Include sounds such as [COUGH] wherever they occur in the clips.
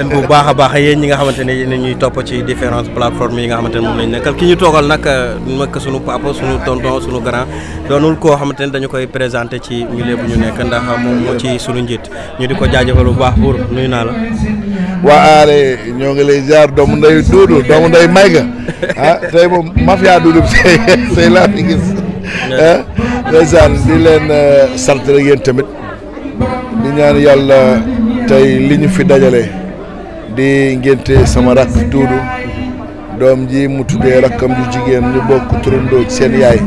leen bu baax a baax yéen ñi nga xamante ne yéen ñuy topp ci différentes plateformes yi nga xamante ne moom lañ nekkal ki ñu toogal nag euh, nekk suñu papa suñu tonton suñu grand doonul koo xamante ne dañu koy présenté ci milieu bu ñu nekk ndax moom moo ci suñu njiit ñu di ko jaajëfal bu baax pour nuyu naa la waa aare ñoo ngi lay jaar doomu nday duudu doomu nday may ga ah tey moom mafia duudu say say laa fi gis ah, ndeysaan di euh, sant rek tamit di ñaan yàlla tey li ñu fi dajale di ngénte sama rakk tuudu doom ji mu tuddee rakkam ju jigéen ñu bokk turandoo ci seen yaay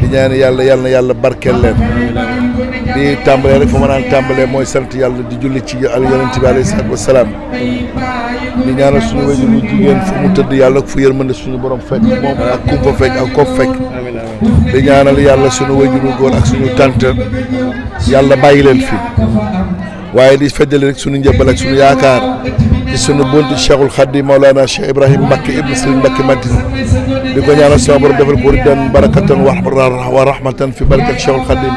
di ñaan yàlla yàlla na yàlla barkeel leen di tàmbalee rek fa ma naan tàmbalee mooy sant yàlla di julli ci al yonent bi alayhi salaatu wasalaam di ñaanal suñu wajur jigéen fu mu tëdd yàlla fu yërmande suñu borom fekk moom ak kum fa fekk ak kopp fekk di ñaanal yàlla suñu wajur góor ak suñu tànt yàlla bàyyi leen fi waaye di feddali rek sunu njëbbal ak sunu yaakaar ci sunu buntu Cheikhul Khadim Maulana Cheikh Ibrahim Mbacké ibn Serigne Mbacké Madina di ko ñaanal sama borom defal ko ridan barakatan wa rahmatan fi barakat Cheikhul Khadim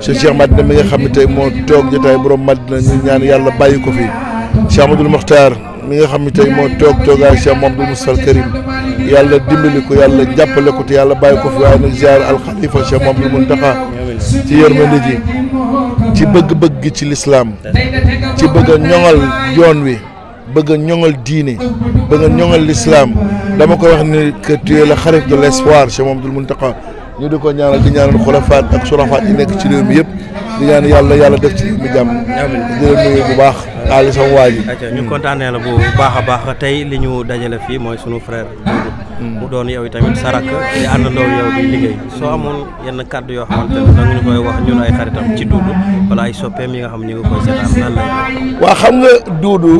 Cheikh Cheikh Madina mi nga xam ne tey moo toog jotaay borom Madina ñu ñaan yàlla bàyyi ko fi Cheikh Amadou Mokhtar mi nga xam ne tey moo toog toogaay Cheikh Mamadou Moustapha Karim yàlla dimbali ko yàlla jàppale ko te yàlla bàyyi ko fi waaye nag ziar al Khalifa Cheikh Mamadou Mountakha ci yërmande ji ci bëgg-bëgg gi ci lislaam ci bëgg a ñoŋal yoon wi bëgg a ñoŋal diine bëgg a ñoŋal lislaam dama koy wax ni que la es le xalif de l' espoir Cheikh Mouhamadoul Mountakha ñu di ko ñaanal di ñaanal xulafaat ak surafaat yi nekk ci réew mi yëpp ñaan yàlla yàlla def ci mi jàmm di la nuyu bu baax Ali sama waa ji ñu kontaanee la bu baax a baax tey li ñu dajale fii mooy sunu frère mu doon yow tamit sarak di àndandoo yow di liggéey soo amoon yenn kàddu yoo xamante ne da nga ñu koy wax ñun ay xaritam ci Doudou wala ay soppeem yi nga xam ñu ngi koy seetaan nan la. xam nga Doudou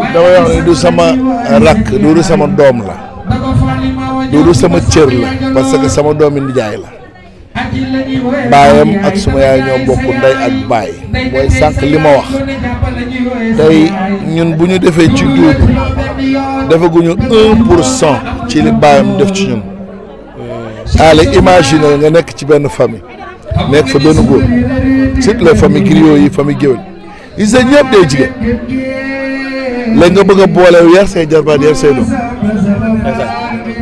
du sama rakk Doudou sama doom la Doudou sama cër la parce que sama doomi nijaay la. baayam ak suma yaay ñoo bokk ndey ak baay mooy sànq li ma wax tey ñun bu ñu defee ci Doudou defaguñu un pour cent ci li baayam def ci ñun euh, allez imaginer nga nekk ci benn famille nekk fa benn góor surtout les famille griot yi famille géwél yi sa ñëpp day jigéen léegi nga bëgg a yar say jarbaat yar say doom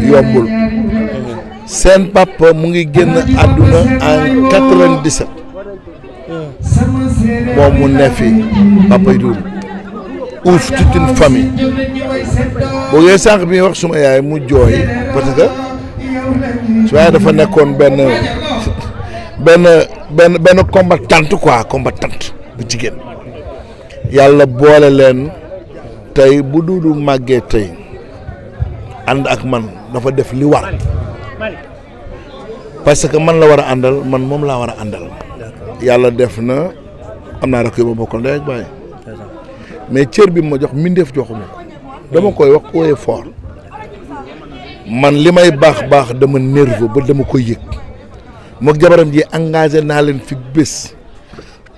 yombul seen papa mu ngi génn àdduna en quatre-vingt-dix-sept moom mu ne fii papa yi uuf toute une famille boo gee sànq bi wax suma yaay mu jooy parce que su yaay dafa nekkoon benn benn benn benn combattante quoi combattante bu jigéen yàlla boole leen tey bu duudu màggee tey ànd ak man dafa def li war parce que man la war a àndal man moom laa war a àndal yàlla def na am naa rek yu ma bokkal ndey ak baay mais cër bi ma jox mbindeef joxuma ko dama koy wax kooyee fort man li may baax baax dama nerveux ba dama koy yëg mook jabaram ji engagé naa leen fi bés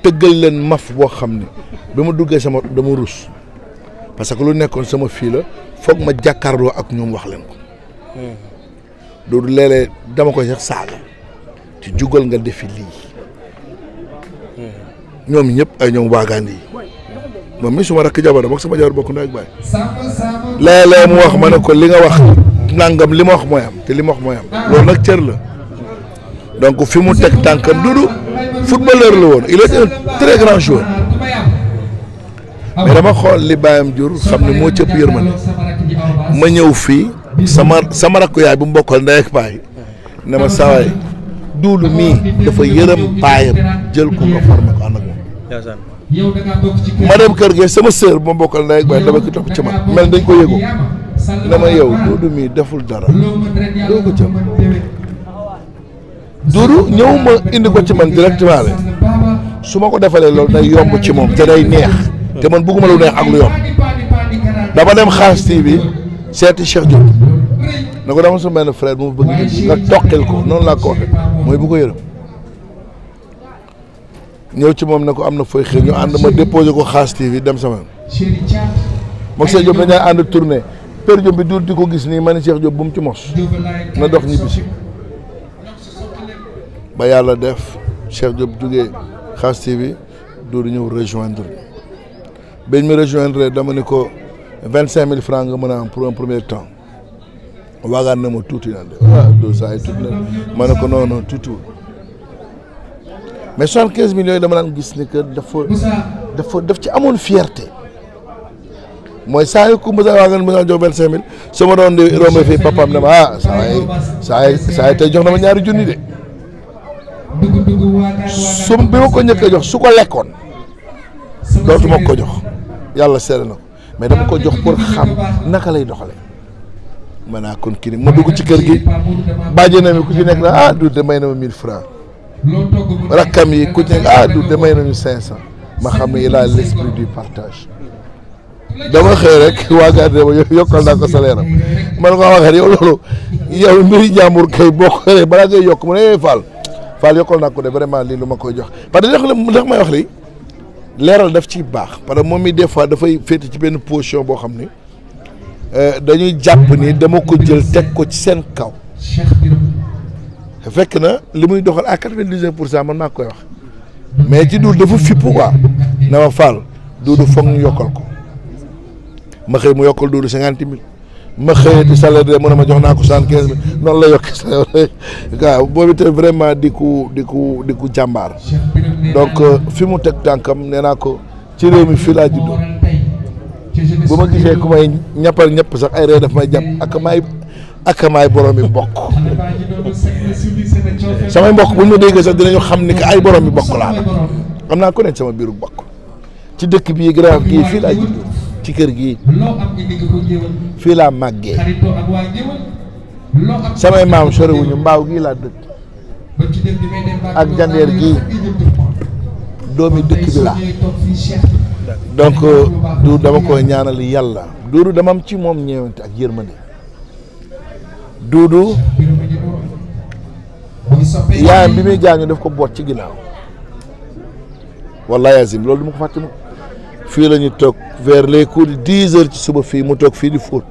tëggal leen maf boo xam ne bi ma duggee sama dama rus parce que lu nekkoon sama fii la foog ma jàkkaarloo ak ñoom wax leen ko doodu léeg-léeg dama koy sax saaga ci jugal nga defi lii ñoom ñëpp ay ñoom waagaandi yi moom mi suma rakk jabar boog sama jabar bokk na ak baay léeg mu wax ma ne ko li nga wax nangam li ma wax mooy am te li ma wax mooy am loolu nag cër la donc fi mu teg tànkam dudu footballeur la woon il est grand joueur mais dama xool li baayam jur xam ne moo cëpp yërmande ma ñëw fii sama sama rakk yaay bu mu bokkal ndey ak baay ne ma sawaay duulu mii dafa yërëm baayam jël ko nga former ko ànd ak moom ma dem kër ge sama sœur bu ma bokkal nawet dama ko topp ci man mel dañ ko yëgu ne ma yow Doudou mii deful dara doo ñëw ma indi ko ci man directement le su ma ko defalee loolu day yomb ci moom te day neex te man bëgguma lu neex ak lu yomb dama dem xaas TV seeti Cheikh Diop na ko dama su mel ne frère bu ma bëgg nga ko noonu laa ko mooy bu ko yërëm ñëw ci moom ne ko am na fooy xëy ñu ànd ma déposé ko xaas TV dem sama mook Cheikh Diop dañaa ànd tournée Père Diop bi duul di ko gis ni ma ne Cheikh Diop bu mu ci mos na dox ñibbisi ba yàlla def Cheikh Diop jógee xaas TV doodu ñëw rejoindre bañ ma rejoindre dama ne ko vingt cinq mille francs nga mën a am pour un premier temps waagaan na ma tuuti naan de waaw ah, ne ko non non mais soixante quinze millions yi dama daan gis ni que dafa dafa daf ci amoon fierte mooy saa yu ku mësa waa ngeen mësa jox vingt cinq mille su ma doon di romb fii papaam ne ma ah saa yi saa yi tey jox na ma ñaari junni de su bi ma ko njëkkee jox su ko lekkoon dootuma ko jox yàlla seere na ko mais dama ko jox pour xam naka lay doxale ma naa kon kii ma dugg ci kër gi bàjjee na mi ku ci nekk na ah du de may na ma mille francs rakkam yi ku ci nekk ah du damay nañu cinq cent ma xam ne il a partage dama xëy rek [LAUGHS] waa Gade ma yokkal naa ko salaire am man maa ah, waxee yow loolu yow mbiri jàmbur kay boo ko xëyee balaa ngay yokk mu ne eh, Fall Fall yokkal naa ko de vraiment lii lu ma koy jox parce que ndax may wax lii leeral def ci baax parce moom i des fois dafay féete ci benn position boo xam ni euh, dañuy jàpp ni dama ko jël teg ko ci seen kaw. fekk na li muy doxal à quatre-vingt-dix-neuf pour cent man maa koy wax mais ci duur dafa fipp quoi na ma faal duudu foog ñu yokkal ko ma xëy mu yokkal duudu cinquante mille ma xëyati salaire de mu ne ma jox naa ko cent quinze mille noonu la yokk waaw boobu te vraiment di ku di ku di ku jàmbaar donc euh, fi mu teg tànkam nee naa ko ci réew mi fii laa juddoo bu ma gisee ku may ñappal ñëpp sax ay ree daf may jàpp ak may ak am ay borom yi samay mbokk bu ñu ma dégg sax dinañu xam ni que ay borom yi mbokk laa am naa ku nekk sama biiru mbokk ci dëkk bii Grand gii fii laa juddoo ci kër gii fii laa màggee samay maam sorewuñu mbaaw gii laa dëkk ak jandeer gii doomi dëkk bi laa donc euh, du dama koy ñaanal yàlla duuru dama am ci moom ñeewante ak yërmande duudu yaayam bi muy gaañu def ko boot ci ginnaaw wallahi azim loolu du ma ko fàtte fii la ñu toog vers les coups de dix ci suba fii mu toog fii di fóot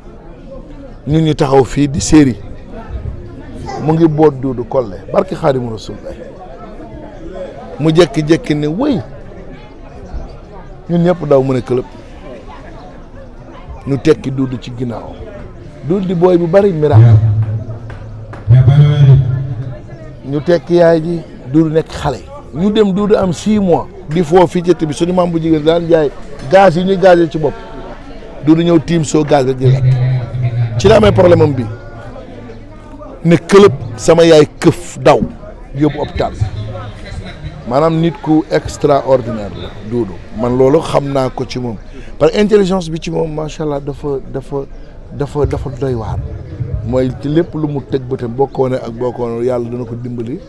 ñu ñu taxaw fii di séeri mu ngi boot duudu kolle barki xaadimu rasulullah mu jëkki jékki ne wéy ñu ñëpp daw mën a këlëb ñu tekki duudu ci ginnaaw duudu di booy bu bari miracle ñu tekki yaay ji du nekk xale ñu dem duudu am six mois di foo fi jëtt bi suñu maam bu jigéen daan jaay gaz yi ñuy gazé ci bopp du duudu ñëw tiim soo gaz rek jël ci la amee problème am bi ne këlëb sama yaay këf daw yóbbu hôpital maanaam nit ku extraordinaire la duudu man loolu xam naa ko ci moom par intelligence bi ci moom macha allah dafa dafa dafa dafa doy waar mooy lépp lu mu teg bëtam boo ko ak boo yàlla dana ko dimbali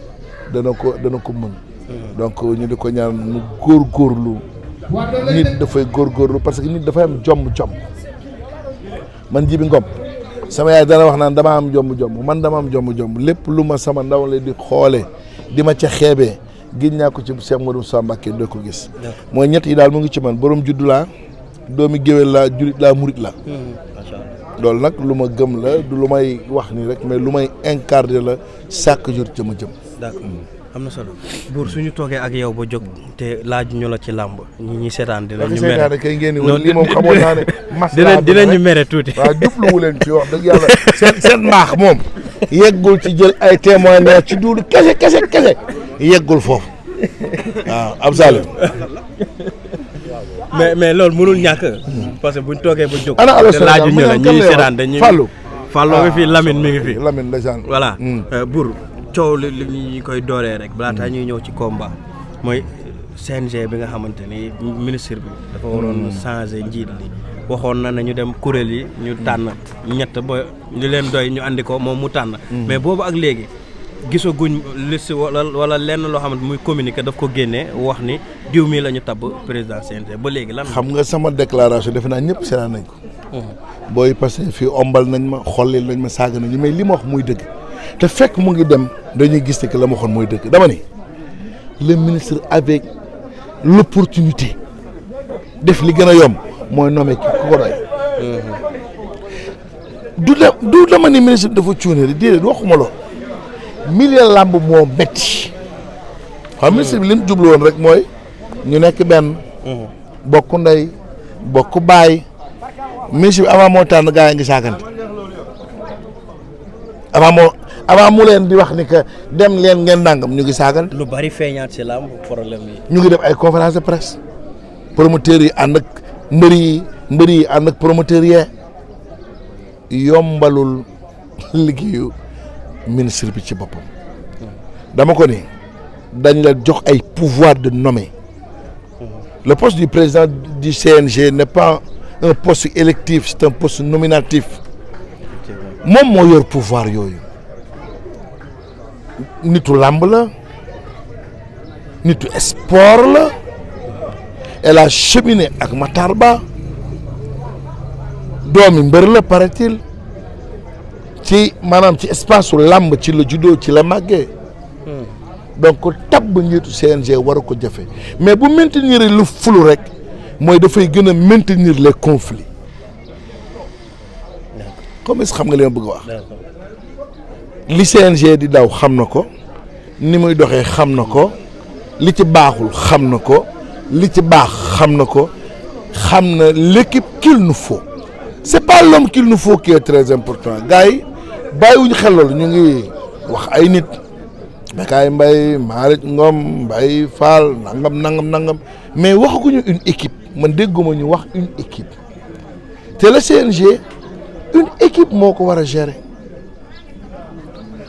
dana ko dana ko mën donc ñu di ko ñaan mu góorlu nit dafay góor góorlu parce que nit dafay am jomb jomb man jibi ngom sama dana wax naan dama am jomb jomb man dama am jomb jomb lépp lu ma sama ndaw la di xoole di ma ca xeebee gin ñaa ko ci Cheikh Modou Sa Mbacké doo ko gis mooy ñett yi daal mu ngi ci man borom juddu laa doomi géwél laa jurit laa murit laa hmm. loolu nag lu ma gëm la du lu may wax nii rek mais lu may incarner la chaque jour jëm a jëm. d'accord am na solo buur suñu toogee ak yow ba jóg te laaj ñu la ci làmb ñi ñu seetaan dinañu mere kay ngeen lii moom xamoon naa ne [LAUGHS] mas dinañu mere tuuti waaw jubluwu leen ci wax dëgg yàlla seen seen moom yeggul ci jël ay témoignage ci duulu kese kese kese yeggul foofu waaw ab Salim mais mais loolu mënul ñàkk. parce que buñ toogee ba jóg. ana allo Sénégal mu ne ñuy seetaan dañuy Fallou. Fallou ngi fi ah, Lamine mi ngi fi Lamine ndeysaan. voilà hmm. euh, Bour coow li ñu koy dooree rek. balaataa ñuy ñëw ci komba mooy CNG bi nga xamante ni ministre bi. dafa waroon hmm. changer njiit li waxoon na na ñu dem kuréel yi ñu tànn ñett ba ñu leen doy ñu andi ko moom mu tànn. Hmm. mais boobu ak léegi. gisaguñ liste wala wala lenn loo xam xamante muy communiquer daf ko génnee wax ni diw mii la ñu tabb président CNG ba léegi lan. xam nga sama déclaration defe naa ñëpp seetaan nañ ko. Mhm. booy passé fii ombal nañ ma xollil nañ ma saaga nañ may li ma wax muy dëgg te fekk mu ngi dem dañuy gis ki la ma waxoon muy dëgg dama ni le ministre avec l'opportunité def li gën a yomb mooy nommé ki ku ko doy. Mhm. du la du dama ni ministre dafa cuune déedéet waxuma loolu. milieu làmb moo métti. xam ministre bi li mu jublu woon rek mooy ñu nekk benn. Mhm. bokk ndey bokk baay. ministre bi avant moo tànn gaa ngi saagante avant moo avant mu leen di wax ni que dem leen ngeen nangam ñu ngi saagante. lu bari feeñaat ci làmb problème yi. ñu ngi dem ay conférence de presse promoteurs yi ànd ak mbër yi mbër yi ànd ak promoteurs yee yombalul [LAUGHS] liggéeyu. ministre bi ci boppam dama ko ni dañ la jox ay pouvoir de nommer le poste du président du CNG n'est pas un poste électif c'est un poste nominatif moom moo yor pouvoir yooyu nitu làmb la nitu sport la elle a cheminé ak Matar Ba doomi mbër la paraît ci maanaam ci espace su làmb ci la juddoo ci la màggee donc tabb njiitu CNG war a ko jafe mais bu maintenir lu fulu rek mooy dafay gën a maintenir les conflits comme xam nga leen ma bëgg wax li CNG di daw xam na ko ni muy doxee xam na ko li ci baaxul xam na ko li ci baax xam na ko xam na l'équipe qu'il nous faut c'est pas l'homme qu'il nous faut qui est très important gars bàyyiwuñ xel lool ñu ngi wax ay nit kaay mbay Malick Ngom Mbaye Fall nangam nangam nangam mais waxaguñu une équipe man dégguma ñu wax une équipe te le CNG une équipe moo ko war a gérer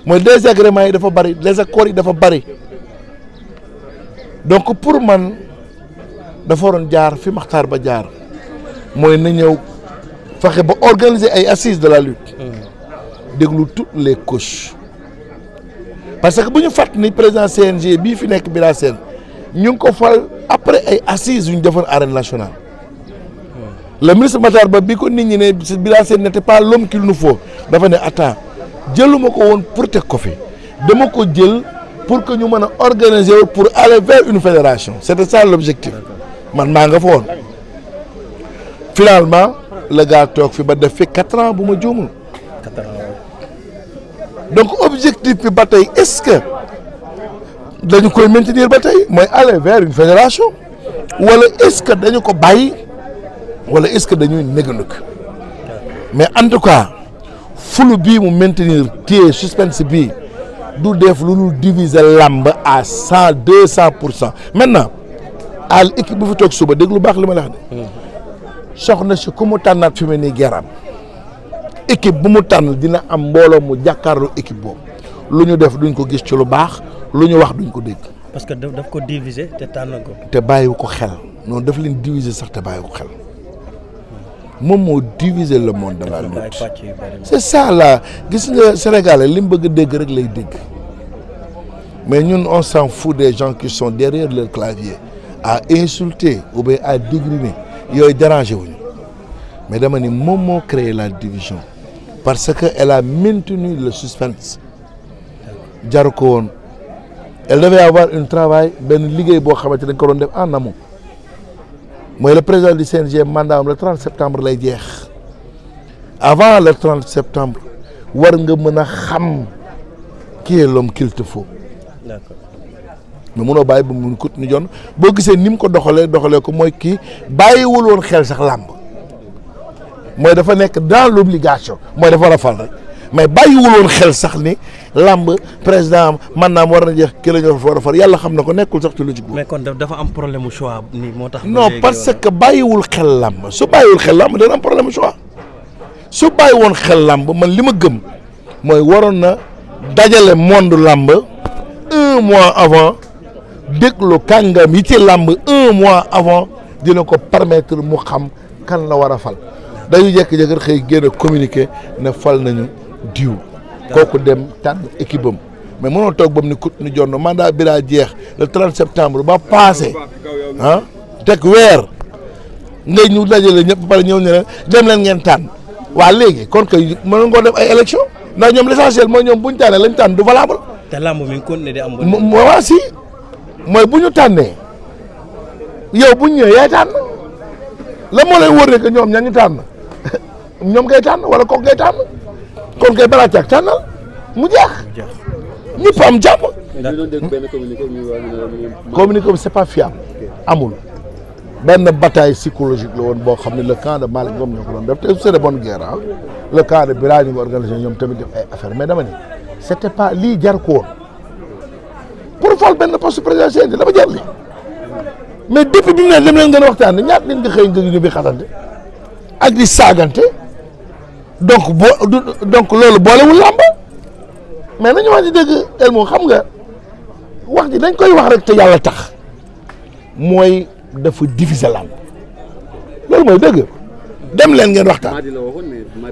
mooy désagréments yi dafa bari les accords yi dafa bari donc pour man dafa waroon jaar fi Maxtaar ba jaar mooy na ñëw fexe ba organiser ay assises de la lutte. Mm. déglu toutes les couches parce que bu ñu fàtt ni président CNG bii fi nekk Bira Sène ñu ngi ko fal après ay assises yu ñu defoon arène nationale le ministre Matar Ba bi ko nit ñi ne Bira Sène te pas l'homme qu'il nous faut dafa ne attends jëluma ko woon pour teg ko fi dama ko jël pour que ñu mën a organiser pour aller vers une fédération c'était ça l'objectif man maa nga fa woon finalement la gars toog fi ba def fi quatre ans bu ma juumul. donc objectif bi ba tey est-ce que dañu koy maintenir ba tey mooy aller vers une fédération wala est-ce dañu ko bàyyi wala est-ce que dañuy néganuk mais en tout cas fulu bii mu maintenir téye suspense bii du def lu dul diviser làmb à cent deux cent pour cent maintenant al équipe bu fi toog suba déglu baax li ma la wax de mm. na si ku mu tànnaat fi mu nii geraam équipe bu mu tànn dina am mbooloo mu jàkkaarloo équipe boobu lu ñu def duñ ko gis ci lu baax lu ñu wax duñ ko dégg. parce que daf ko diviser te tànn ko. te bàyyiwu ko xel noonu daf leen diviser sax te bàyyiwu ko xel moom moo diviser le monde de la lutte. c'est ça là gis nga Sénégalais li mu bëgg dégg rek lay dégg mais ñun on s'en fout des gens qui sont derrière leur clavier à insulter ou bien à dégriner yooyu déranger wuñu mais dama ni moom moo créer la division. parce que qu'elle a maintenu le suspense jaru ko woon elle devait avoir un travail benn liggéey boo xamante dañ ko doon def en amont mooy le président du CNG mandat am le 30 septembre lay jeex avant le 30 septembre war nga mën a xam qui est l'homme qu'il te faut d'accord munoo bàyyi bu mu kut ni jon boo gisee ni mu ko doxalee doxalee ko mooy kii bàyyiwul woon xeel sax làmb mooy dafa nekk dans l' obligation mooy dafa war a fal rek mais bàyyiwul woon xel sax ni làmb président man naa war na jeex ki la war a far yàlla xam na ko nekkul sax ci logique boobu. mais kon dafa am problème mu choix nii moo tax. non parce que bàyyiwul xel làmb su bàyyiwul xel làmb dana am problème mu choix su woon xel làmb man li ma gëm mooy waroon na dajale monde làmb mois avant déglu kàngam yi ci làmb mois avant dina ko permettre mu xam kan la war a fal. dañu jékki-jékki xëy génn communiqué ne fal nañu diw. ku dem tànn équipe am mais mënoo toog ba mu ni kut ni jonn mandat jeex le 30 septembre ba passé ah teg weer nga ñu dajale ñëpp ba pare ñëw ne leen leen ngeen tànn waa léegi kon kay mën nga def ay élection ndax ñoom l' mooy ñoom bu ñu tànnee lañ tànn du valable. te lamb mi continué di am. waa si mooy bu ñu tànnee yow bu ñu ñëwee yaay tànn la moo lay wóor ne ñoom ña ñu tànn. ñoom ngay tànn wala kooku ngay tànn kon kay balaa caag tànnal mu jeex. ñëpp am jàmm. communiqué bi c'est pas fiable. amul benn bataay psychologique la woon boo xam ne le camp de Malick Ngom ñoo ko doon te c'est de bonne guerre ah. le camp de Birane ñu organisé ñoom tamit def ay affaire mais dama ne c'était pas lii jar ko pour fal benn poste présidentiel bi dama jar lii mais depuis bi mu ne dem leen ngeen waxtaan ne ñaata nit nga xëy nga ñu bi xasante ak di saagante. donc boo donc loolu boolewul làmb mais nañu wax ci dëgg el xam nga wax ji dañ koy wax rek te yàlla tax mooy dafa diviser làmb loolu mooy dégg dem leen ngeen waxtaan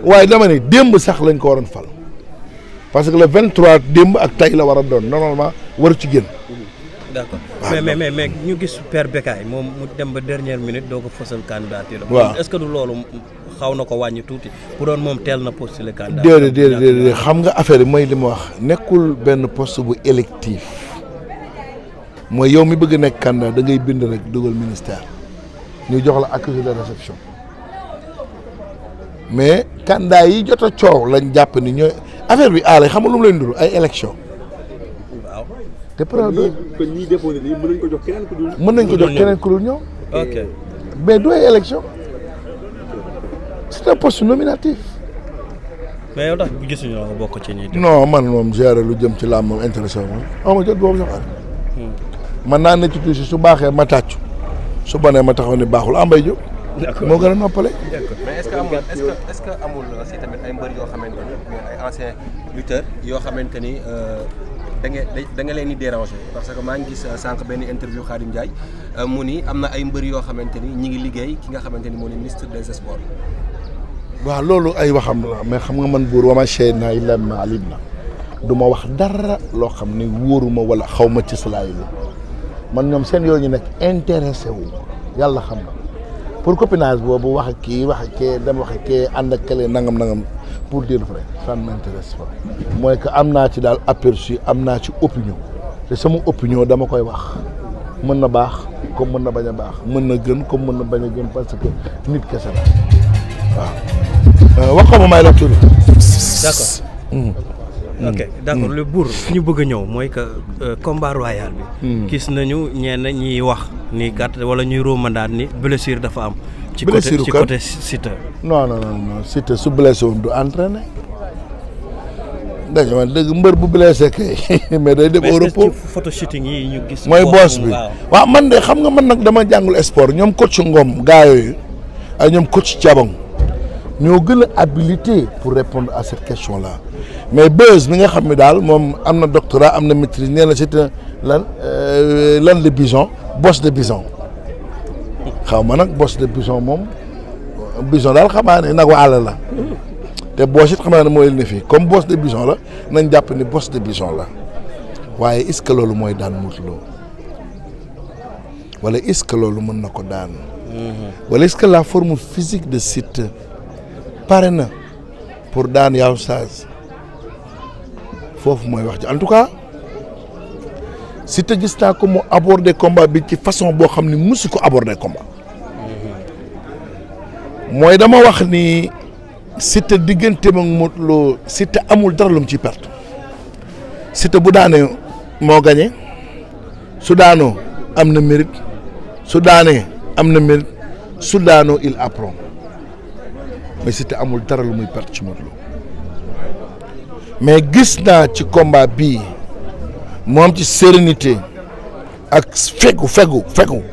waaye dama démb sax lañ ko waroon fal parce que le 23 démb ak tay la war a doon normalement waru ci génn d'accord mais mais mais mais ñu gis Père Bécaye moom mu dem ba dernière minute doo ko fësal candidature. waaw est-ce que du loolu xaw na ko wàññi tuuti bu doon moom teel na postuler candidat. déedéet déedéet déedéet xam nga affaire bi mooy li ma wax nekkul benn poste bu électif mooy yow mi bëgg nekk candidat da ngay bind rek dugal ministère ñu jox la accusé de réception mais candidat yi jot a coow lañ jàpp ni ñooy affaire bi aale xam nga lu mu leen dul ay élection te problème kon ñii déposé nii ko jox keneen ku dul. mën nañ ko jox keneen ku dul ñoom. ok mais dooy élection c'est un poste nominatif. mais yow ci ñi. non man moom gérer lu jëm ci làmb moom intéressé wu ma. ma hmm. man naa ne ci tuuti su baaxee ma tàccu su bonee ma taxaw ne baaxul ambay ah, jóg. moo gën a noppale. mais est-ce que amul est-ce que amul aussi tamit ay mbër yoo xamante ni ay anciens lutteurs yoo xamante ni. Euh, da nga da nga leen di déranger parce que maa ngi gis euh, sànq benn interview Khadim Ndiaye euh, mu ni am na ay mbër yoo xamante ni ñi ngi liggéey ki nga xamante ni moo ni ministre des sports. waaw loolu ay waxam la mais xam nga man buur wama chey naa ilam na na du ma wax dara loo xam ne wóoruma wala xaw ma ci salaayu man ñoom seen yooyu ñu nekk intéressé wu yàlla xam na pour copinage boobu wax ak kii wax ak kee dem wax ak kee ak kële nangam nangam pour dire vrai ça ne m'intéresse pas mooy que am naa ci daal aperçu am naa ci opinion te sama opinion dama koy wax mën na baax comme mën na bañ a baax mën na gën comme mën na bañ a gën parce que nit kese la euh, wax ma may la tur. d'accord. Hmm. Mm. ok d'accord mm. le buur fi ñu bëgg a ñëw mooy que euh, combat royal bi. Mm. gis nañu ñenn ñiy wax ni kat wala ñuy romandaat ni blessure dafa am. ci côté ci côté Siteu. non su blessé woon du entraîné. dañu wax dëgg mbër bu blessé kay [LAUGHS] mais day dem au repos gis. mooy boos bi waaw man de xam nga man nag dama jàngul sport ñoom coach Ngom gaa yooyu ay ñoom coach Thiabang. ñoo gën a habilité pour répondre à cette question là mais Beuz mi nga xam ne daal moom am na doctorat am na maîtrise nee na c'est un lan euh, lan de bison bosse de bison xaw ma nag bosse de bison moom bison daal xamaa ne nagu àll la te bosse it xamaa ne mooy li ne fii comme bos de bison la nañ jàpp ni bosse de bison la waaye est-ce loolu mooy daan muutloo wala est-ce loolu mën na ko daan mm-hmm. wala est la forme physique de Siteu pare na pour daan yaaw saas foofu mooy wax ci en tout cas Siteu gis naa ko mu aborder combat bi ci façon boo xam ni musu ko aborder combat mooy dama wax ni Siteu diggante ak Modou Lo amul dara lu mu ciy perte Siteu bu daanee moo gañe su daanoo am na mérite su daanee am na mérite su daanoo il apprend mais Siteu amul dara lu muy perte ci Modou Lo mais gis naa ci combat bii moom ci sérénité ak fegu fegu fegu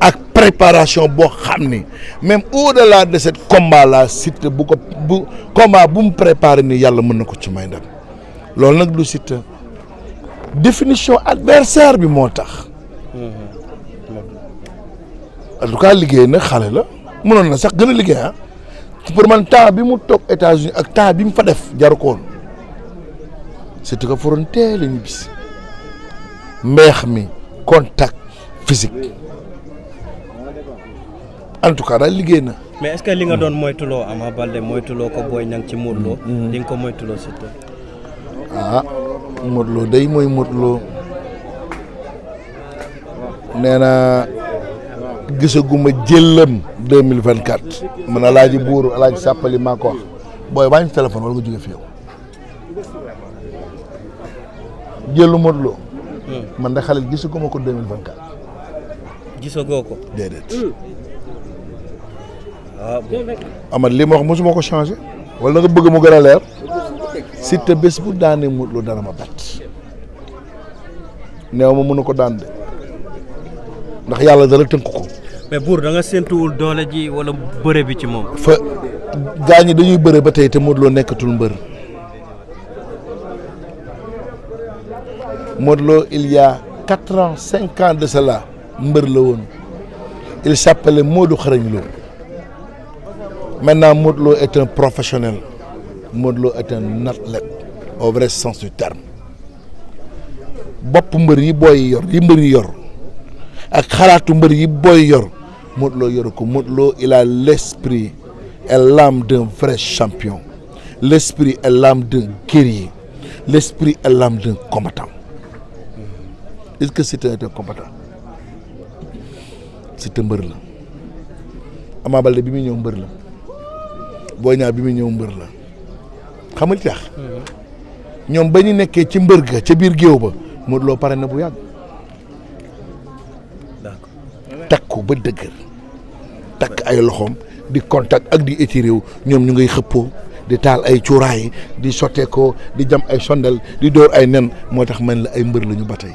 ak préparation boo xam ni même au-delà de cette combat là Siteu bu ko bu combat bu mu prépare ni yàlla mën na ko ci may ndam loolu nag lu Siteu définition adversaire bi moo tax mm-hmm. en tout cas liggéey nag xale la mënoon na sax gën a liggéey pour man temps bi mu toog États-Unis ak temps bi mu fa def jaru ko woon surtout que foron teel a ñu bis mbeex mi contact physique en tout cas daal liggéey na. mais est-ce li nga doon moytuloo Ama Baldé moytuloo ko Boy Niang ci Modou Lo. Mm-hmm. ko moytuloo surtout. ah Modou Lo day mooy Modou Lo gisaguma jëllam deux mille vingt quatre man alaaji buur alaaji sàppali maa ko wax booy baa ñu téléphone wala nga jóge fi yow jëllu Modou Lo hmm. man da xalel gisaguma ko deux mille vingt quatre gisagoo ko déedéet hmm. ah, amat li ma wax mosuma ko changé wala nga bëgg mu gën a leer Siteu bés bu daanee Modou Lo dana ma bat néew ma mënu ko daan de ndax yàlla dana tënk ko. mais buur da nga séntuwul doole ji wala bëre bi ci moom. fa gaa dañuy bëre ba tey te Modou Lo nekkatul mbër Modou Lo il y a quatre ans cinq de cela mbër la woon il s'appelait Modou Xarañ Lo maintenant Modou Lo est un professionnel Modou Lo est un athlète au vrai sens du terme bopp mbër yi booy yor yi mbër yi yor. ak xalaatu mbër yi booy yor Modou Lo yoru ko Modou Lo il a l'esprit et l'âme d'un vrai champion l'esprit et l'âme d'un guerrier l'esprit et l'âme d'un combattant est-ce que c'est un combattant c'est un mbër la Ama Baldé bi muy ñëw mbër la boo Niang bi muy ñëw mbër la xamal tax mm-hmm. ñoom ba ñu nekkee ci mbër ga ca biir géew ba Modou Lo pare na bu yàgg takku ba dëgër takk ay loxoom di contact ak di étiré wu ñoom ñu ngay xëppoo di taal ay cuuraay di sotteekoo di jam ay sondal di dóor ay nen moo tax man la ay mbër lañu ba tey.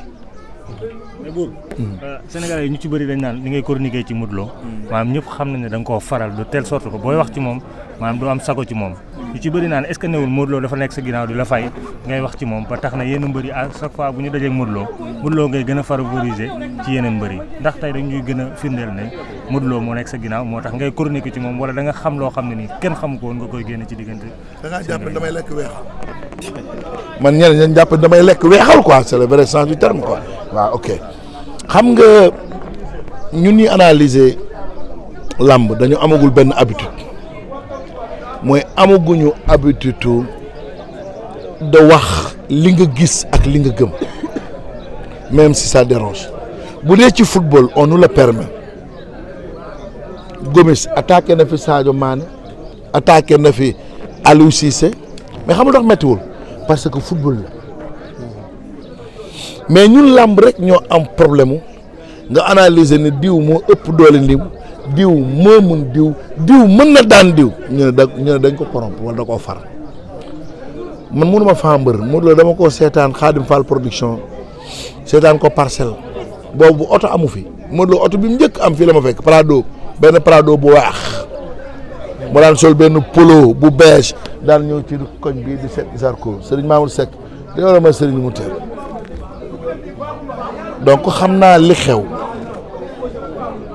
mais hmm. euh, yi ñu ci bëri dañ naan li ngay chroniquer ci Modou Lo. Hmm. maanaam xam nañ ne da koo faral de telle sorte ko booy wax ci moom maanaam du am sago ci moom. lu ci bëri naan est ce que newul Modou Lo dafa nekk sa ginnaaw di la fay ngay wax ci moom ba tax na yenn mbër yi à chaque fois bu ñu dajeeg Modou Lo Modou Lo ngay gën a favoriser ci yeneen mbër yi ndax tey dañuy gën a firndeel ne Modou Lo moo nekk sa ginnaaw moo tax ngay chronique ci moom wala danga nga xam loo xam ne nii kenn xam ko woon nga koy génn ci diggante da ngaa jàpp damay lekk weexal man ñeneen ñeen jàpp damay lekk weexal quoi c'est le vrai sens du terme quoi waaw ok xam nga ñun ñuy analyser làmb dañu amagul benn habitude mooy amaguñu habitude de wax li nga gis ak li nga gëm même si sa dérange bu dee ci football on nous le permet Gomis attaqué na fi Sadio Mané attaqué na fi Aliou mais xam nga dox parce que football la mais ñun làmb rek ñoo am problème nga analyser ne diw moo ëpp doole ndiw diw moo mun diw diw mën na daan diw ñu ne da dañ ko corrompre wala da far mën mënu ma faa moo Modou Lo dama ko seetaan Khadim Fall production seetaan ko parcelle boobu oto amu fi Modou Lo oto bi mu njëkk am fii la ma fekk Prado benn Prado bu waax mu daan sol benn polo bu beige daan ñëw ci koñ bii di seet Zarko Serigne Mamour Seck di ma Serigne mu teel donc xam naa li xew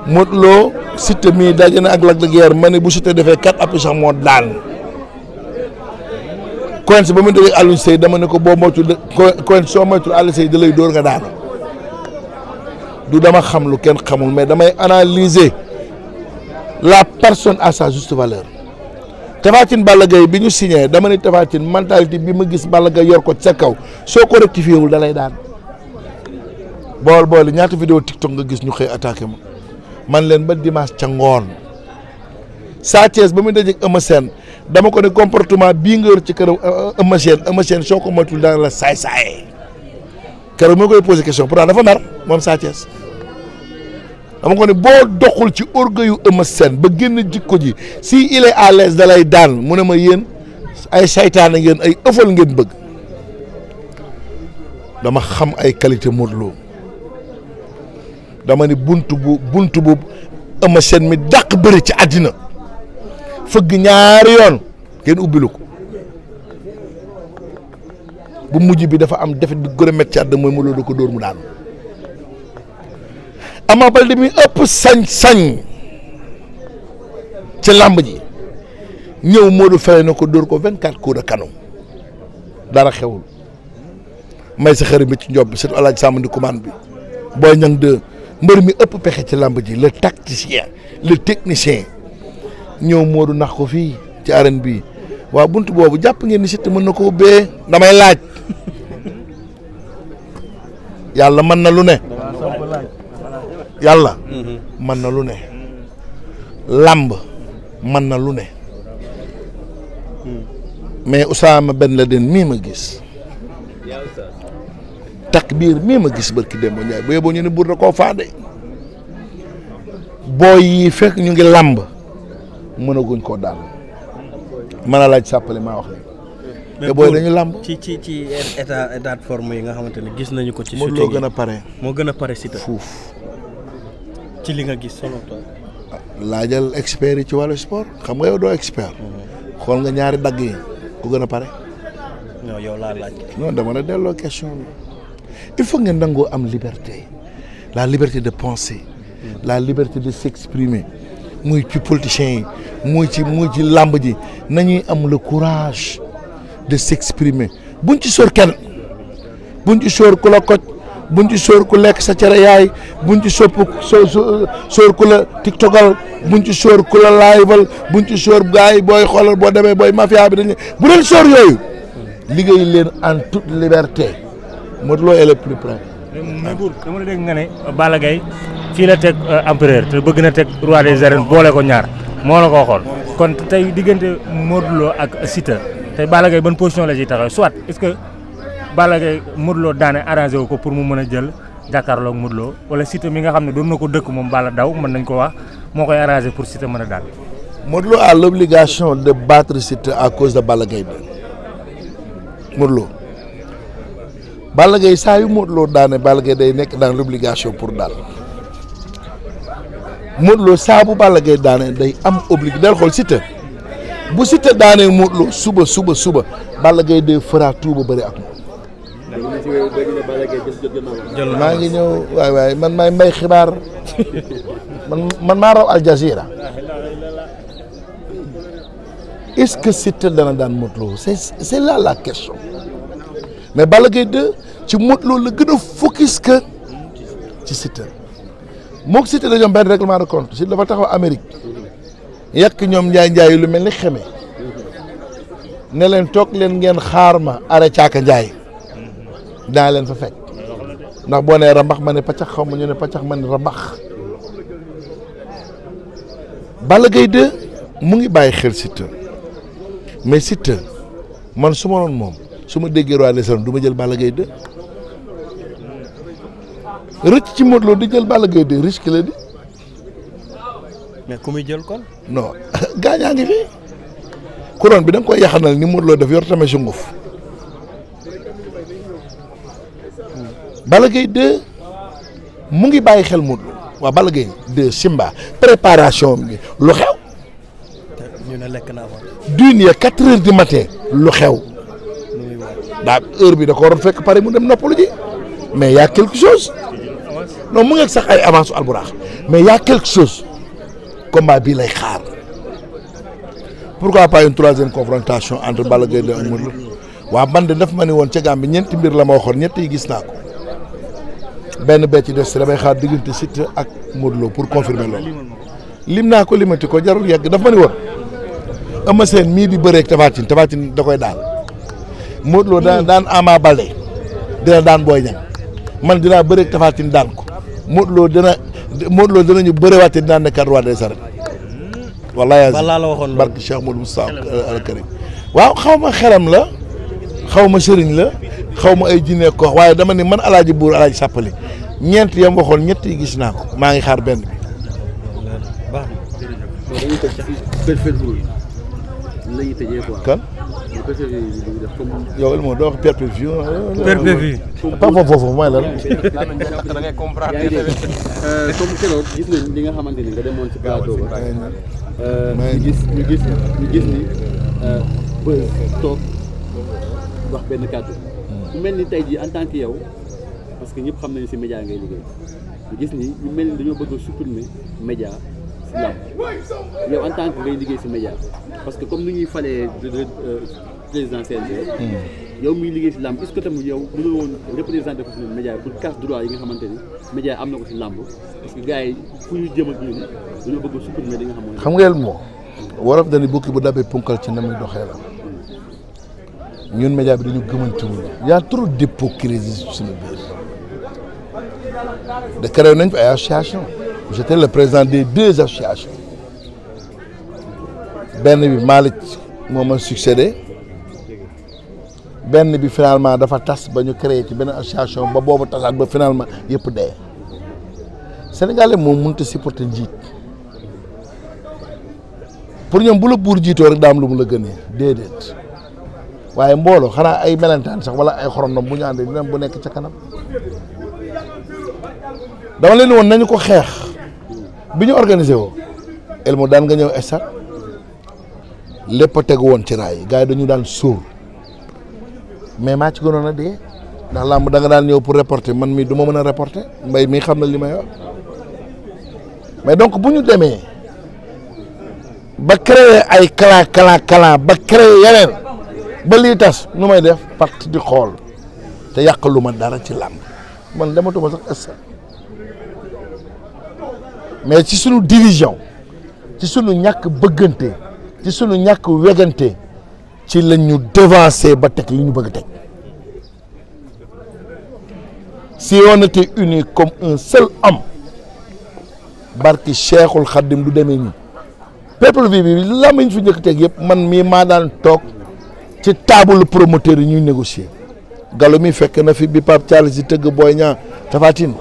Modou loo Siteu mii daje na ak Lac de Guiers ma ne bu Siteu defee quatre appuis sax moo daan Quench ba mu dégg Alioune Seye dama ne ko boo moytuwul Quench soo moytuwul Alioune Seye da lay dóor nga daanu du dama xam lu kenn xamul mais damay analyser la personne à sa juste valeur Tapha Tine Balla Gaye bi ñu signé dama ne Tapha Tine mentalité bi ma gis Balla Gaye yor ko ca kaw soo ko rectifié wul da lay daan. bool bool ñaata vidéo TikTok nga gis ñu xëy attaqué ma man leen ba dimanche ca ngoon Sa Thiès ba muy dajeeg Eumeu Sène dama ko ne comportement bii nga yor ci këram euh, euh, Eumeu Sène soo ko moytuwul daan la saay saay keroog moo koy posé question pourtant dafa mer moom Sa Thiès dama ko ne boo doxul ci orgueil yu ba génn jikko ji si il à l'aise da lay daan mu ne ma yéen ay saytaane ngeen ay ëffal ngeen bëgg dama xam ay qualité Modou Lo dama ni bunt bu bunt bu ama Sène mi dàq bëri ci àddina fëgg ñaari yoon kenn ubbilu ko bu mujj bi dafa am defet bi gën a métti ci mooy mu loolu ko dóor mu daanu Ama Baldé mi ëpp sañ-sañ ci làmb ji ñëw Modou fere na ko dóor ko vingt quatre coups de canon dara xewul may sa xarit bi ci njob bi surtout El Hadj ni commande bi boo ñang de mbër mi ëpp pexe ci làmb ji la tacticien le technicien ñëw Modou nax ko fii ci arène bii waaw bunt boobu jàpp ngeen ni Siteu mën na koo ubbee damay laaj yàlla mën na lu ne yàlla mën na lu ne làmb mën na lu ne mais Ousama Ben Laden mii ma gis takbiir mii ma gis barki Demba Ndiaye bu yeboo ñu ne buur na koo faade booy yi fekk ñu ngi làmb mënaguñ koo daal mën a laaj sàppali maa wax ne te booy dañu làmb ci ci ci état état forme yi nga xamante ne gis nañu ko. ci suuf loo gën a pare. moo gën a pare si fuuf ci li nga gis solo laajal ci wàllu sport xam nga yow doo expert. xool nga ñaari dagg yi ku gën a pare. non yow laa laaj. non dama la delloo question bi. il faut ngeen nangoo am liberté la liberté de penser la liberté de s'exprimer muy ci politiciens yi muy ci muy ci làmb ji nañuy am le courage de s'exprimer buñ ci sóor kenn buñ ci sóor ku la koj buñ ci sóor ku lekk sa cere yaay buñ ci sopp sóor ku la tiktogal buñ ci sóor ku la laayval buñ ci sóor gars yi booy xoolal boo demee booy mafia bi dañ bu leen sóor yooyu liggéey leen en toute liberté Modou Lo le plus près. mais Mbour dama la dégg nga ne Balla Gaye fii la teg euh, empereur te bëgg na teg roi des arènes boole ko ñaar moo la ko xool kon tey diggante Modou Lo ak sita te Balla Gaye ban position la ciy taxaw soit est-ce que Balla Gaye Modou daane arrangé wu ko pour mu mën a jël jàkkaarloog Modou Lo wala Siteu mi nga xam ne doon na ko dëkk moom Balla daw mën nañ ko wax moo koy arrangé pour Siteu mën a daan. Modou Lo l'obligation de battre Siteu à cause de Balla Balla Gaye saa yu Modou Lo daane Balla Gaye day nekk dans l'obligation pour daal Modou Lo saa bu Balla Gaye daane day am obligé dal xool Siteu bu Siteu daanee Modou suba suba suba Balla Gaye day fera tout ba bëri ak moom maa ngi ñëw waay waay man maay mbay xibaar man maa raw Al Jazeera est-ce que Siteu dana daan Modou c'est là la question mais Balla Gaye 2 ci Modou loolu la gën a focus que ci Siteu moog Siteu dañoo benn règlement de compte dafa taxaw Amérique yàq ñoom njaay njaay lu mel ni xeme ne leen toog leen ngeen xaar ma arrêté caaka njaay daa leen fa fekk ndax boo nee rambax ma ne paccax xaw ma ñu ne paccax ma ne rambax Balla Gaye 2 mu ngi bàyyi xel Siteu mais Siteu man suma ma moom. su ma déggee roi des arènes du jël Balla Gaye 2 rëcc ci Modou di jël Balla Gaye 2 risque la di. mais ku muy jël kon. non [LAUGHS] gaañaa ngi fi couronne bi da nga koy yaxanal ni Modou Lo def yor tamit sunguf Balla Gaye 2 mu ngi bàyyi xel Modou Lo waaw Balla Gaye Simba préparation bi lu xew. ñu lekk naa quatre heures du matin lu xew. daa heure bi da ko waroon fekk pare mu dem noppalu ji mais y' a quelque chose non mu ngeeg sax ay avance alburax mais y' a quelque chose combat bii lay xaar pourquoi pas une troisième confrontation entre Balla Gaye 2 ak Modou Lô waaw man de daf ma ne woon ca Gàmbi ñeenti mbir la ma waxoon ñett yi gis naa ko benn bee ci def des damay xaar diggante Siteu ak Modou Lô pour confirmer loolu lim naa ko limati ko jarul yegg daf ma ni woon Eumeu Sène mii di bëreeg Tapha Tine Tapha Tine da koy daal. Modou Lo dana hmm. daan Ama Baldé dina daan booy Niang man dinaa bëre ak Tapha Tine daan ko Modou Lo dina Modou Lo dinañu bërewaatee dinaa nekkaat roi des arènes hmm. wallaay balaa la waxoon barke Cheikh Modou Moussa euh, al Karim xaw ma xelam la xaw ma sëriñ la xaw ma ay jinne ko waaye dama ne man alaaji buur alaaji sàppali ñeent yam waxoon ñett gis naa ko maa ngi xaar benn bi la ñuy tëjee quoi. kan. yow Elmo doo wax perpétué. perpétué. pas foofu foofu da ngay comprendre. comme gis nañ li nga xamante ni nga demoon si plateau ba. Euh, ñu gis ñu gis ñu gis ni euh, ba toog wax benn kàddu. mu hmm. mel ni tey jii en tant que yow parce que ñëpp xam nañu si média ngay liggéey ñu gis ni ñu mel ni dañoo bëgg a supprimer si làmb en tant que ngay liggéey si média parce que comme ni ñuy falee président CNG hmm. yow muy liggéey si làmb est-ce que tamit yow mënoo woon représenté ko si média pour yi nga xamante ni média am na ko si làmb parce que gars yi fu ñu jëm ak ñun dañoo bëgg supprimer li nga xam xam ngeen moo waraf dani bukki bu dabee punkal ci na muy doxee la ñun média bi dañu gëmantuwul y a trop d'hypocrisie suñu biir de créé nañ fi ay association j'étais le président des deux associations benn bi Malick moo ma succédé benn bi finalement dafa tas ba ñu créé ci benn association ba boobu tasaat ba finalement yépp dee sénégalais moom mënut a supporter njiit pour ñoom bu la buur jiitoo rek daam lu mu la gënee déedéet waaye mbooloo xanaa ay melentaan sax wala ay xorondom bu ñu bu nekk ca kanam dama leen woon nañu ko xeex bi ñu organisé woo Elmo daan nga ñëw stade lépp a tegu woon ci raay yi gars yi dañu daan sóor mais maa ci gënoon a dee ndax làmb da nga daan ñëw pour reporter man mii duma mën a reporter mbay mii xam na li ma wax mais donc bu ñu demee ba créer ay clan clan ba créer yeneen ba lii tas nu may def parti di xool te yàq lu ma dara ci làmb man dematuma sax stade mais ci sunu division ci sunu ñàkk bëggante ci sunu ñàkk wegante ci la ñu devancer ba teg li ñu bëgg teg si on était unis comme un seul homme barki Cheikhul Khadim du demee nii peuple bi bi lamañ fu njëkk teg yëpp man mii maa daan toog ci table promoteur yi ñuy négocier Gallo mi fekk na fi bi Pape Thialis di tëgg Boy Niang Tapha Tine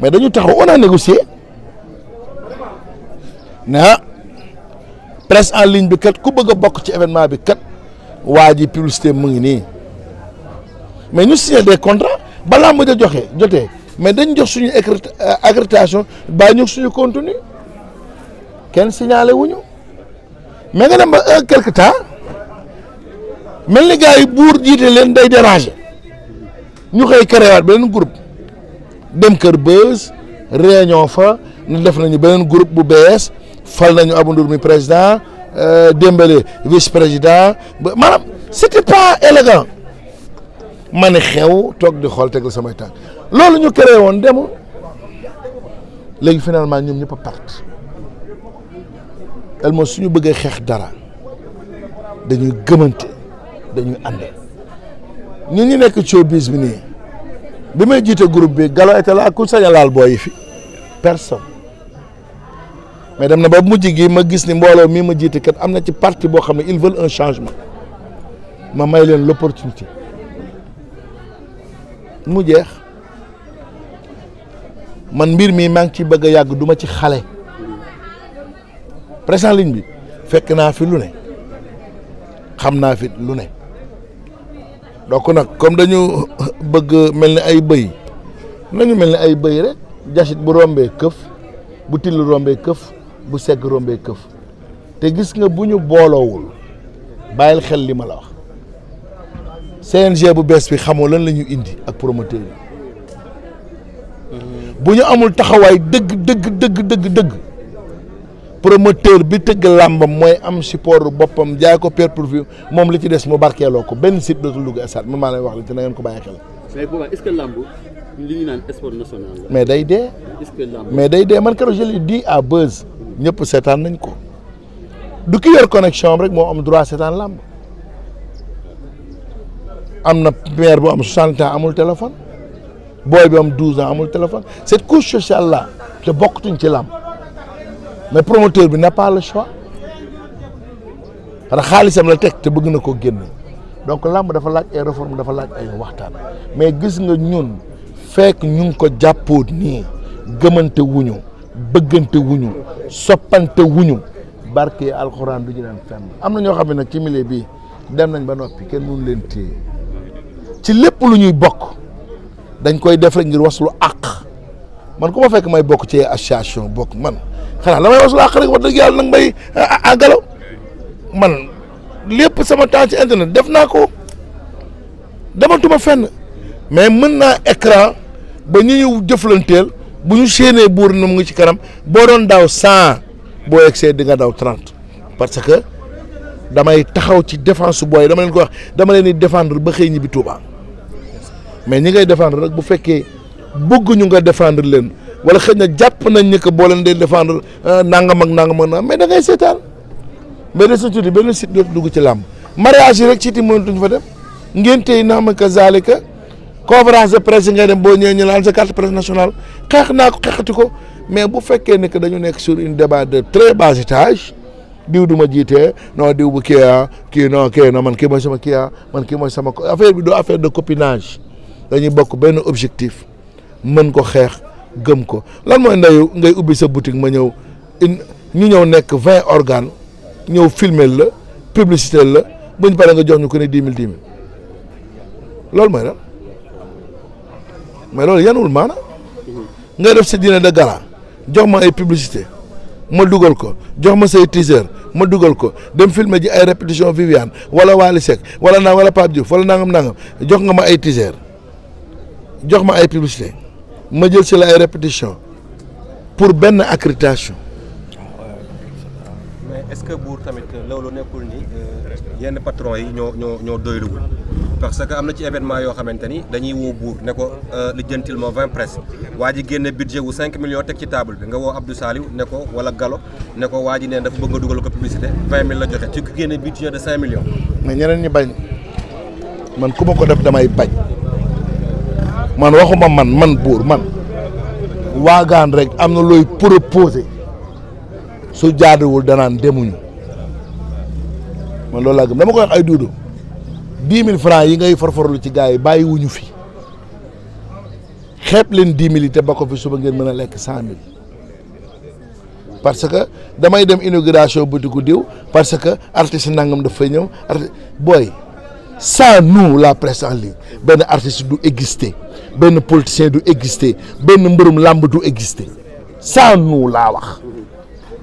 mais dañu taxaw on a ne ah, presque en ligne bi kat ku bëgg a bokk ci événement bi kat waa ji publicité mu ngi nii mais ñu signé des contrats balaa ma a joxe jotee mais dañ jox suñu euh, accréditation baa ñu suñu contenu kenn signalé wuñu mais nga dem ba un euh, quelque temps mel ni gars yi buur jiite leen day déranger ñu koy créé waat beneen groupe dem kër bës réunion fa ñu def nañu beneen groupe bu bees fal nañu Abou Ndour mi président euh, Dembélé vice président ba maanaam c'était pas élégant ma ne xew toog di xool tegal samay tànk loolu ñu créé woon demul léegi finalement ñoom ñëpp a perte elmo suñu bëggee xeex dara dañuy gëmante dañuy ànd ñun ñu nekk showbiz bi nii bi may jiite groupe bi Gallo était là ku sañ booy yi fi personne. mais dem na ba mu gi ma gis ni mbooloo mii ma jiite kat am na ci parti boo xam ne ils veulent un changement ma may leen l'opportunité mu jeex man mbir mii maa ngi ciy bëgg a yàgg duma ci xale président ligne bi fekk naa fi lu ne xam naa fi lu ne donc nag comme dañu bëgg mel ni ay bëy nañu mel ni ay bëy rek jasit bu rombee këf bu till rombee këf bu segg rombee këf te gis nga bu ñu booloowul bàyyil xel li ma la wax CNG bu bees bi xamoo lan la ñu indi ak promoteur yi mm-hmm. bu ñu amul taxawaay dëgg dëgg dëgg dëgg dëgg promoteur bi tëgg làmbam mooy am support boppam jaay ko pay-per-view moom li ci des mu barkeeloo ko benn site dootul dugg stade man wax li te na ngeen ko bàyyi xel. mais mais day dee. est mais day dee man keroog je l'ai à Beuz. ñëpp seetaan nañ ko du ki yor connexion rek moo am droit seetaan lam am na maire bu am soixante amul téléphone booy bi am douze amul téléphone cette couche sociale là te bokkutuñ ci làmb mais promoteur bi n'a pas le choix parce que xaalisam la teg te bëgg na ko génn donc làmb dafa laaj ay réforme dafa laaj ay waxtaan mais gis nga ñun fekk ñu ngi ko jàppoot nii gëmante wuñu bëggante wuñu soppante wuñu barke alxuraan du ñu dem fenn am na ñoo xam ne nag ci milieu bii dem nañ ba noppi kenn mënu leen téye ci lépp lu ñuy bokk dañ koy def rek ngir waslu àq man ku ma fekk may bokk ci association bokk man xanaa la may waslu àq rek wax dëgg yàlla nag may àggalaw ah, ah, ah, man lépp sama temps ci internet def naa ko dematuma fenn mais mën naa écran ba ñu ñu jëflanteel bu ñu seenee buur na mu ngi ci kanam boo doon daw cent boo egsee di nga daw trente parce que damay taxaw ci défense booy dama leen ko wax dama leen di défendre ba xëy ñibbi Touba mais ñi ngay défendre rek bu fekkee bëgg ñu nga défendre leen wala xëy na jàpp nañ ni que boo leen dee défendre euh, nangam ak nangam ak nangam mais da ngay seetaan mais de sa tuuti benn site dootu dugg ci làmb mariage yi rek site yi mënatuñ fa dem ngénte yi naam ka conférence de presse yi dem boo ñëwee ñu naan sa carte presse nationale xeex naa ko xeexati ko mais bu fekkee ne que dañu nekk sur une débat de très bas étage diw du ma jiitee non diw bu kii ah, kii non kii non man kii mooy sama kii ah man kii mooy sama affaire bi doo affaire dañuy bokk benn objectif mën ko xeex gëm ko lan mooy ndeyu ngay ubbi sa boutique ma ñëw ñu ñëw nekk vingt organes ñëw filme la publicité la buñ pare nga jox ñu ko ne dix mille loolu mooy lan mais loolu yanul maana nga def sa dîner de gala jox ma ay publicité ma dugal ko jox ma say teaser ma dugal ko dem filmer ji ay répétition Viviane wala Wally Seck wala naa wala Pape Diouf wala nangam nangam jox nga ma ay teaser jox ma ay publicité ma jël si la ay répétition pour benn accréditation. mais est-ce que buur tamit loolu nekkul ni euh, yenn patron yi ñoo ñoo ñoo doyluwul parce que am na ci événement yoo xamante ni dañuy woo buur ne ko euh, lijjantil ma vingt presse waa ji génne budget wu cinq millions teg ci table bi nga woo Abdou Saliou ne ko wala galo ne ko waa ji ne dafa bëgg nga dugal ko publicité vingt mille la joxe ci ku génne budget de cinq mais ñeneen ñi bañ man ku ma ko def damay bañ man waxuma man man buur man waagaan rek am na looy proposé su jaaduwul danaan demuñu man loolu laa gëm dama koy ay duudu. dix mille francs yi ngay forforlu ci gars yi bàyyi wuñu fi xeeb leen dix mille yi te ba ko fi suba ngeen mën a lekk cent mille parce que damay dem inauguration boutique diw parce que artiste nangam daf fay ñëw booy sans nous la presse en ligne benn artiste du exister benn politicien du exister benn mbërum làmb du exister sans nous laa wax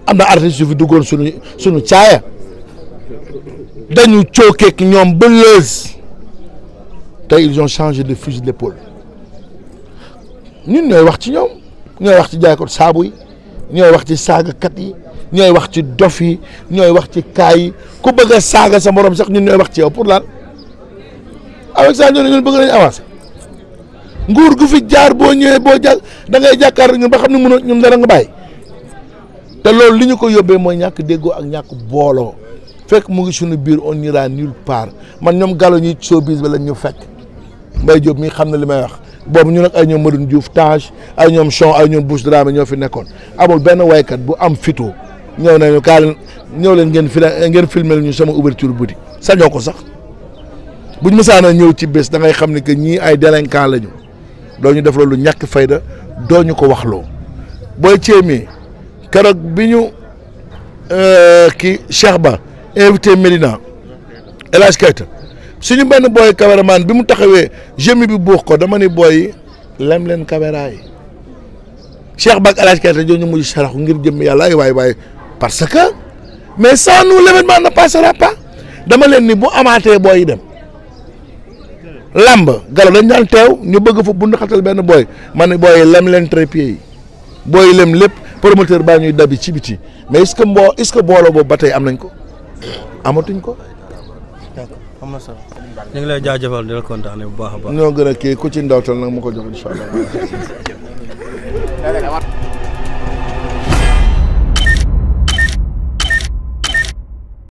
am na artiste yu fi duggoon suñu suñu caaya dañu cookeek ñoom ba lëz tey ils ont changé de fusil d'épaule ñun ñooy wax ci ñoom ñooy wax ci jaaykat saabu yi ñooy wax ci kat yi ñooy wax ci dof yi ñooy wax ci kaa yi ku bëgg a saaga sa morom sax ñun ñooy wax ci yow pour laal avec ça ñun ñun bëgg nañu avancer nguur gu fi jaar boo ñëwee boo jà da ngay jàkkaar ñun ba xam ne mënoo ñun dara nga bàyyi te loolu li ñu ko yóbbee mooy ñàkk déggoo ak ñàkk booloo fekk mu ngi suñu biir on ira nulle part man ñoom gàllo ñuy showbiz ba lañ ñu fekk Mbaye Diop mi xam na li may wax boobu ñu nag ay ñoom Madoune Diouf Tage ay ñoom Chon ay ñoom Bouche Dramé ñoo fi nekkoon amul benn waykat bu am fito ñoo nañu kaa ñëw leen ngeen fil ngeen filmé ñu sama ouverture boutique sañoo ko sax buñ mësaana ñëw ci bés da ngay xam ne que ñii ay délinquant lañu doo ñu def loolu ñàkk fayda doo ñu ko waxloo booy ceemee keroog bi ñu euh, kii Cheikh invité Medina El Hadj Keita suñu benn booy caméraman bi mu taxawee jëmi bi buux ko dama ni booy lem leen caméra yi Cheikh Bak El Hadj Keita jooju mujj saraxu ngir jëmm yàlla ay waay waay parce que mais sans nous l'événement ne passera pas dama leen ni bu amaatee booy dem. Lamb galo dañ daan teew ñu bëgg fa bund xatal benn booy ma ne booy lem leen trépied yi booy lem lépp promoteur baa ñuy dabi ci biti mais est-ce que ce que booloo boobu ba tey am nañ ko. amatuñ ko. d'accord am na solo. ñu ngi lay jaajëfal di la kontaanee bu baax a baax. ñoo gën a kii ku ci ndawtal nag mu ko jox incha [LAUGHS]